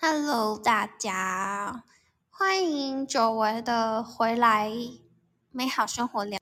Hello，大家歡迎久違的回來美好生活聊。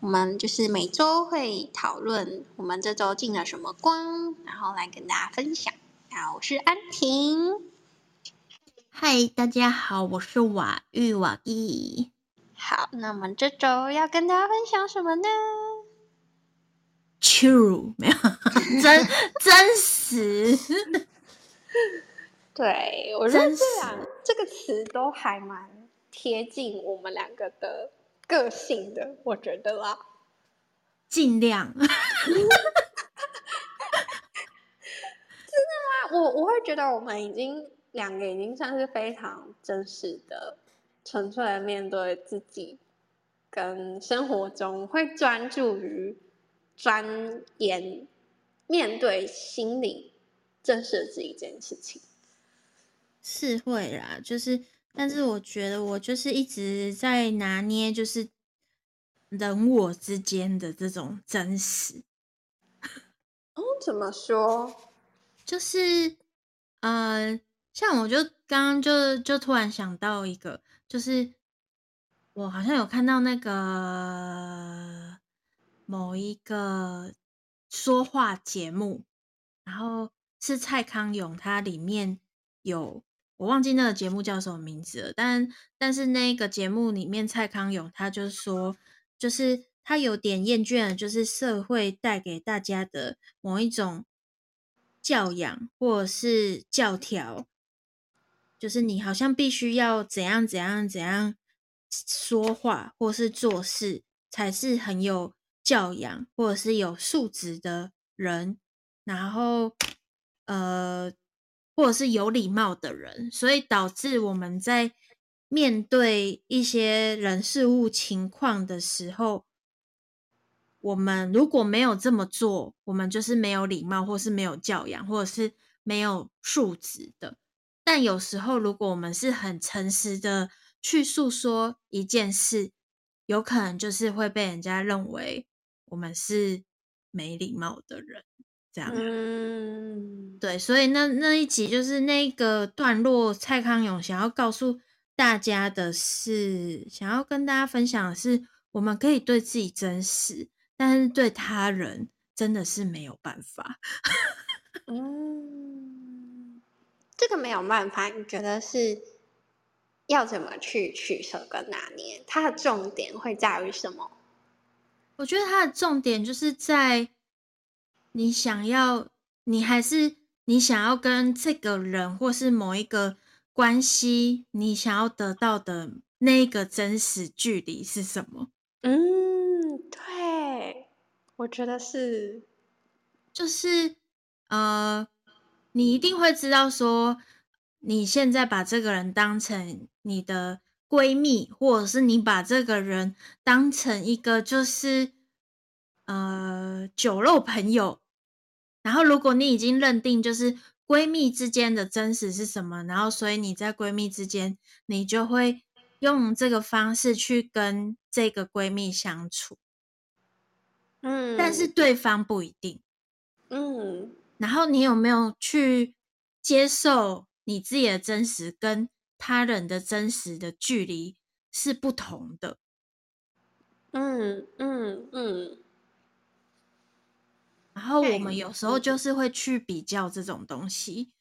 我們就是每周會討論我們這周進了什麼光，然後來跟大家分享。好、啊，我是安婷。嗨，大家好，我是瓦遇瓦遇。好，那我們這周要跟大家分享什麼呢？True，沒有呵呵真 真實。 對，我覺得這兩這個詞都還蠻貼近我們兩個的個性的，我覺得啦。盡量，真 的 嗎？我我會覺得我們已經兩個已經算是非常真實的、純粹的面對自己，跟生活中會專注於鑽研、面對心靈真實的這一件事情。是會啦，就是，但是我覺得我就是一直在拿捏，就是人我之間的這種真實。哦，怎麼說？就是，嗯，呃，像我就剛剛就就突然想到一個，就是我好像有看到那個某一個說話節目，然後是蔡康永，他裡面有。我忘記那個節目叫什麼名字了，但但是那個節目裡面蔡康永他就說，就是他有點厭倦，就是社會帶給大家的某一種教養或者是教條，就是你好像必須要怎樣怎樣怎樣說話或是做事，才是很有教養或者是有素質的人，然後呃。或者是有禮貌的人，所以導致我們在面對一些人事物情況的時候，我們如果沒有這麼做，我們就是沒有禮貌，或是沒有教養，或者是沒有素質的。但有時候，如果我們是很誠實的去訴說一件事，有可能就是會被人家認為我們是沒禮貌的人。這樣，嗯，對，所以那那一集就是那一個段落，蔡康永想要告訴大家的是，想要跟大家分享的是，我們可以對自己真實，但是對他人真的是沒有辦法、 嗯。這個沒有辦法，你覺得是要怎麼去取舍跟拿捏？他的重點會在於什麼？我覺得他的重點就是在。你想要，你還是你想要跟這個人，或是某一個關係，你想要得到的那個真實距離是什麼？嗯，對，我覺得是，就是呃，你一定會知道說，你現在把這個人當成你的閨蜜，或者是你把這個人當成一個就是，呃，酒肉朋友。然後，如果你已經認定就是閨蜜之間的真實是什麼，然後，所以你在閨蜜之間，你就會用這個方式去跟這個閨蜜相處。嗯，但是對方不一定。嗯，然後你有沒有去接受你自己的真實跟他人的真實的距離是不同的？嗯嗯嗯。然後我們有時候就是會去比較這種東西，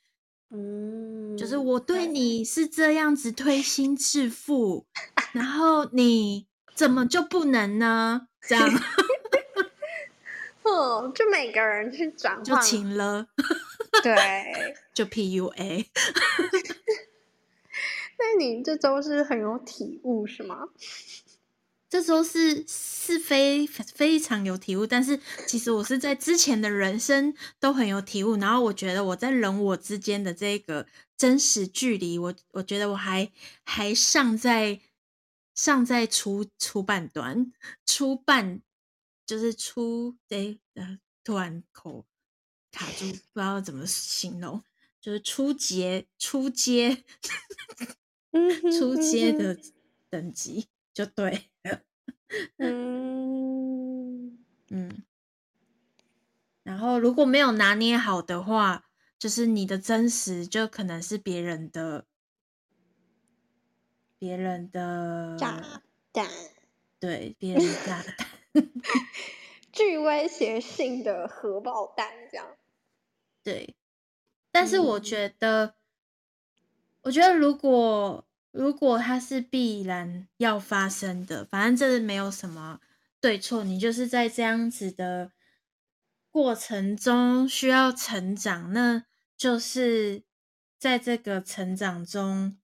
嗯，就是我對你是這樣子推心置腹、嗯，然後你怎麼就不能呢？ 這樣， 哦，就每個人去轉換，就請了， 對，就 PUA。 那你這週是很有體悟，是嗎？這時候是是非非常有體悟，但是其實我是在之前的人生都很有體悟，然後我覺得我在人我之間的這個真實距離，我我覺得我還還尚在尚在初初半段，初半，初半就是初這呃突然口卡住，不知道怎麼形容，就是初階初階，嗯，初階的等級就對。 嗯嗯，然後如果沒有拿捏好的話，就是你的真實就可能是別人的別人的炸彈，對，別人炸彈，具 威脅性的核爆彈，這樣。對，但是我覺得，嗯、我覺得如果。如果它是必然要發生的，反正這是沒有什麼對錯，你就是在這樣子的過程中需要成長，那就是在這個成長中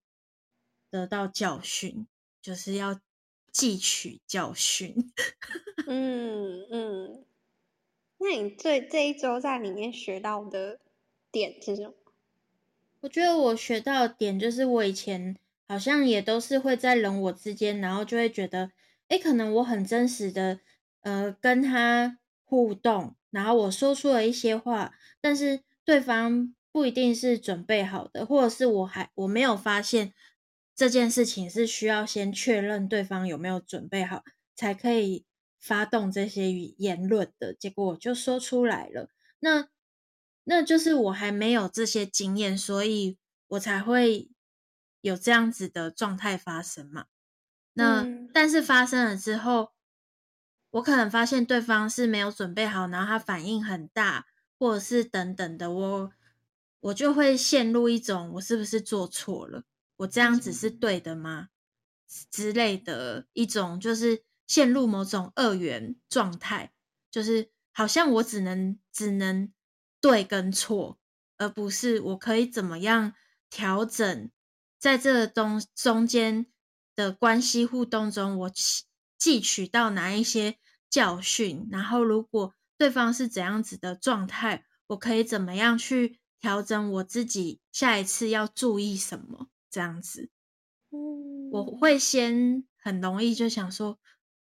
得到教訓，就是要汲取教訓。 嗯嗯，那你這這一周在裡面學到的點是什麼？我覺得我學到的點就是我以前。好像也都是會在人我之間，然後就會覺得，誒，可能我很真實的，呃，跟他互動，然後我說出了一些話，但是對方不一定是準備好的，或者是我還我沒有發現這件事情是需要先確認對方有沒有準備好，才可以發動這些言論的，結果我就說出來了，那那就是我還沒有這些經驗，所以我才會。有這樣子的狀態發生嘛？那但是發生了之後，我可能發現對方是沒有準備好，然後他反應很大，或者是等等的，我我就會陷入一種我是不是做錯了？我這樣子是對的嗎？之類的一種，就是陷入某種二元狀態，就是好像我只能只能對跟錯，而不是我可以怎麼樣調整。在這個中中間的關係互動中，我汲取到哪一些教訓？然後，如果對方是怎樣子的狀態，我可以怎麼樣去調整我自己？下一次要注意什麼？這樣子，我會先很容易就想說，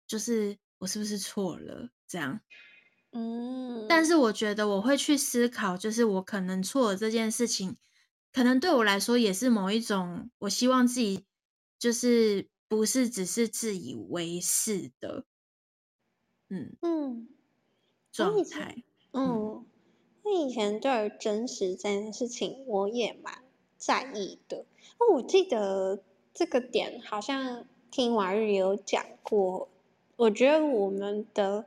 就是我是不是錯了？這樣，但是我覺得我會去思考，就是我可能錯了這件事情。可能對我來說也是某一種，我希望自己就是不是只是自以為是的，嗯嗯，狀態，嗯，嗯，那以前對真實這件事情，我也蠻在意的。哦，我記得這個點好像聽瓦遇有講過，我覺得我們的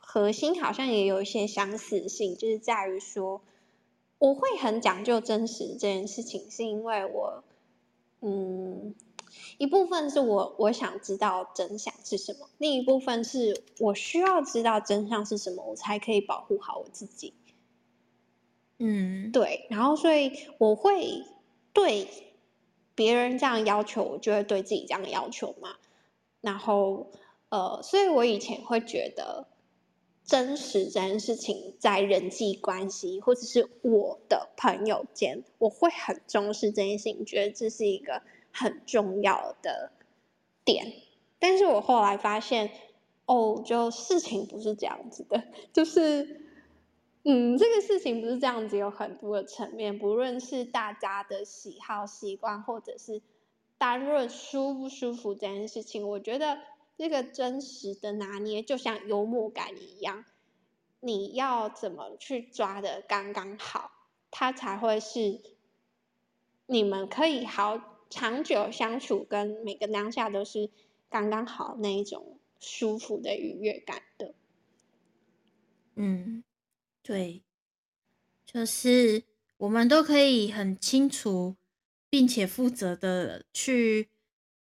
核心好像也有一些相似性，就是在於說。我會很講究真實這件事情，是因為我，嗯，一部分是我我想知道真相是什麼，另一部分是我需要知道真相是什麼，我才可以保護好我自己。嗯，對。然後，所以我會對別人這樣要求，我就會對自己這樣要求嘛。然後，呃，所以我以前會覺得。真實這件事情，在人際關係或者是我的朋友間，我會很重視這件事情，覺得這是一個很重要的點。但是我後來發現，哦，就事情不是這樣子的，就是，嗯，這個事情不是這樣子，有很多的層面，不論是大家的喜好、習慣，或者是單論舒不舒服這件事情，我覺得。這個真實的拿捏，就像幽默感一樣，你要怎麼去抓的剛剛好，它才會是你們可以好長久相處，跟每個當下都是剛剛好那一種舒服的愉悅感的。嗯，對，就是我們都可以很清楚，並且負責的去。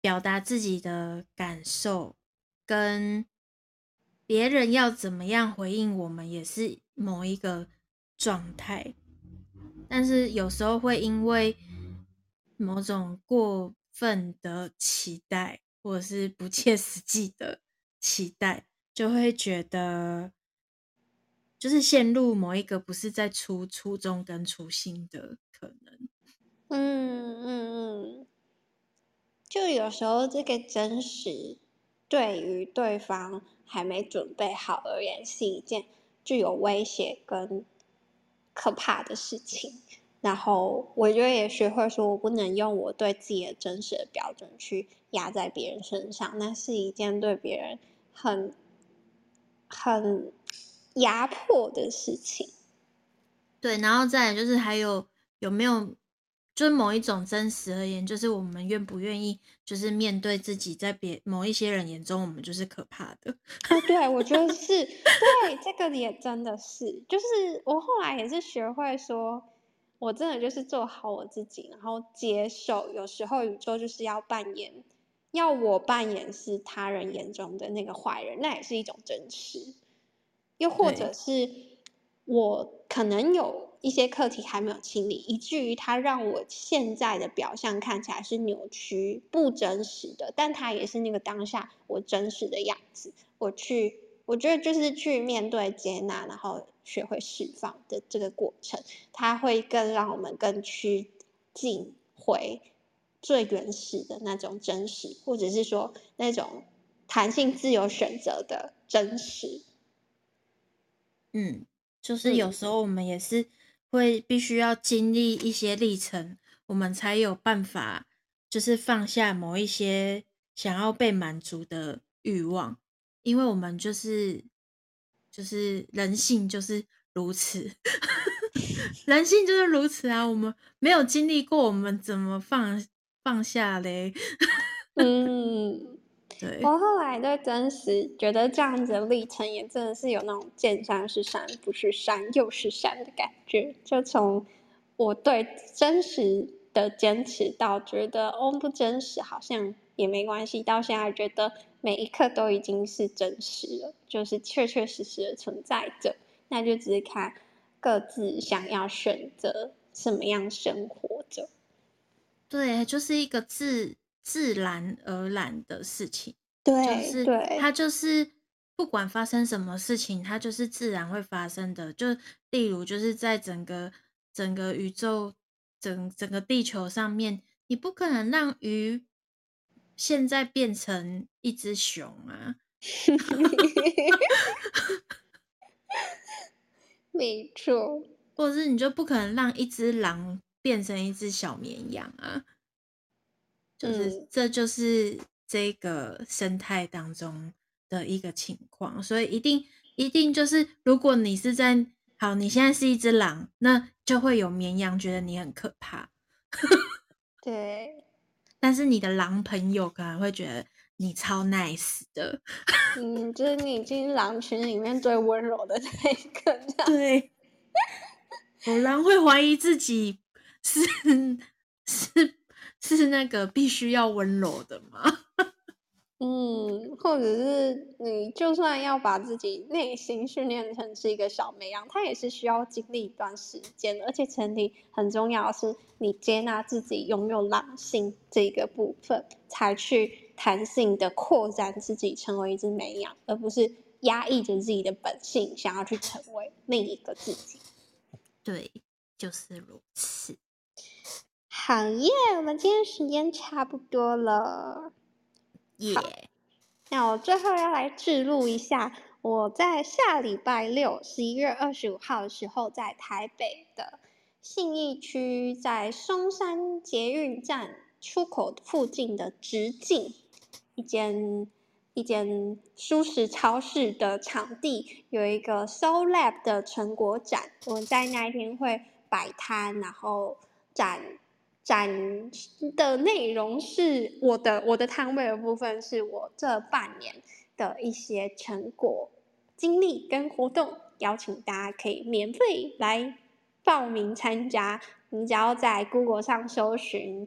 表達自己的感受，跟別人要怎麼樣回應我們，也是某一個狀態。但是有時候會因為某種過分的期待，或者是不切實際的期待，就會覺得就是陷入某一個不是在初初衷跟初心的可能嗯。嗯嗯嗯。就有時候，這個真實對於對方還沒準備好而言，是一件具有威脅跟可怕的事情。然後，我覺得也學會說，我不能用我對自己的真實的標準去壓在別人身上，那是一件對別人很很壓迫的事情。對，然後再來就是還有有沒有？就某一種真實而言，就是我們願不願意，就是面對自己在，在別某一些人眼中，我們就是可怕的啊！對，我覺得是 對，這個也真的是，就是我後來也是學會說，我真的就是做好我自己，然後接受，有時候宇宙就是要扮演，要我扮演是他人眼中的那個壞人，那也是一種真實，又或者是我可能有。一些課題還沒有清理，以至於它讓我現在的表象看起來是扭曲、不真實的，但它也是那個當下我真實的樣子。我去，我覺得就是去面對、接納，然後學會釋放的這個過程，它會更讓我們更趨近回最原始的那種真實，或者是說那種彈性、自由選擇的真實。嗯，就是有時候我們也是。嗯。會必須要經歷一些歷程，我們才有辦法，就是放下某一些想要被滿足的慾望，因為我們就是就是人性就是如此， 人性就是如此啊！我們沒有經歷過，我們怎麼放放下嘞？ 嗯。對，我後來對真實覺得這樣子的歷程也真的是有那種見山是山，不是山又是山的感覺。就從我對真實的堅持到覺得哦不真實，好像也沒關係，到現在覺得每一刻都已經是真實了，就是確確實實的存在着。那就只是看各自想要選擇什麼樣生活著。對，就是一個字。自然而然的事情，對，就是它就是不管發生什麼事情，它就是自然會發生的。就例如就是在整個整個宇宙、整整個地球上面，你不可能讓魚現在變成一隻熊啊， 沒錯，或者是你就不可能讓一隻狼變成一隻小綿羊啊。就是，這就是這個生態當中的一個情況，所以一定一定就是，如果你是在好，你現在是一隻狼，那就會有綿羊覺得你很可怕， 對。但是你的狼朋友可能會覺得你超 nice 的， 嗯，就是你已經狼群裡面最溫柔的那一個這，對。我狼會懷疑自己是是。是那個必須要溫柔的嗎？ 嗯，或者是你就算要把自己內心訓練成是一個小綿羊，它也是需要經歷一段時間，而且前提很重要的是，你接納自己擁有狼性這個部分，才去彈性的擴展自己成為一隻綿羊，而不是壓抑着自己的本性，想要去成為另一個自己。對，就是如此。好耶，yeah, 我們今天時間差不多了。Yeah. 好，那我最後要來記錄一下，我在下禮拜六，十一月二十五號的時候，在台北的信義區，在松山捷運站出口附近的直徑一間一間蔬食超市的場地，有一個 Soul Lab 的成果展，我在那一天會擺攤，然後展。展的內容是我的我的攤位的部分，是我這半年的一些成果、經歷跟活動。邀請大家可以免費來報名參加。你只要在 Google 上搜尋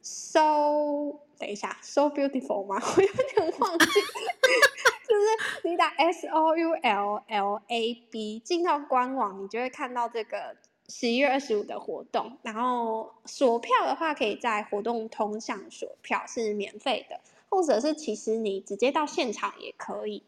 “so”，等一下，“soul beautiful” 嗎？我有點忘記， 就是你打 “S-O-U-L-L-A-B”，進到官網，你就會看到這個。十一月二十五的活動，然後索票的話可以在活動通項，索票是免費的，或者是其實你直接到現場也可以。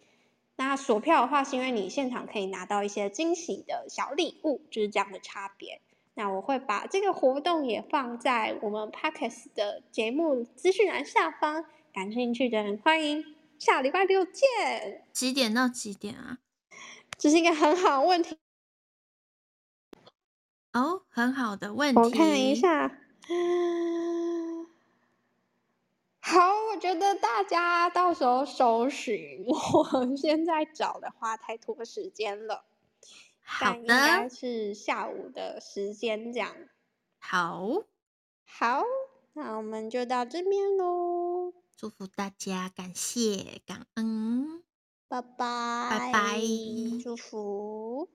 那索票的話是因為你現場可以拿到一些驚喜的小禮物，就是這樣的差別。那我會把這個活動也放在我們 podcast 的節目資訊欄下方，感興趣的人歡迎下禮拜六見。幾點到幾點啊？這、就是一個很好的問題。好、哦、很好的問題。我看一下，好，我覺得大家到時候搜尋，我現在找的話太拖時間了。好的。應該是下午的時間這樣。好，好，那我們就到這邊嘍。祝福大家，感謝，感恩，拜拜，拜拜，祝福。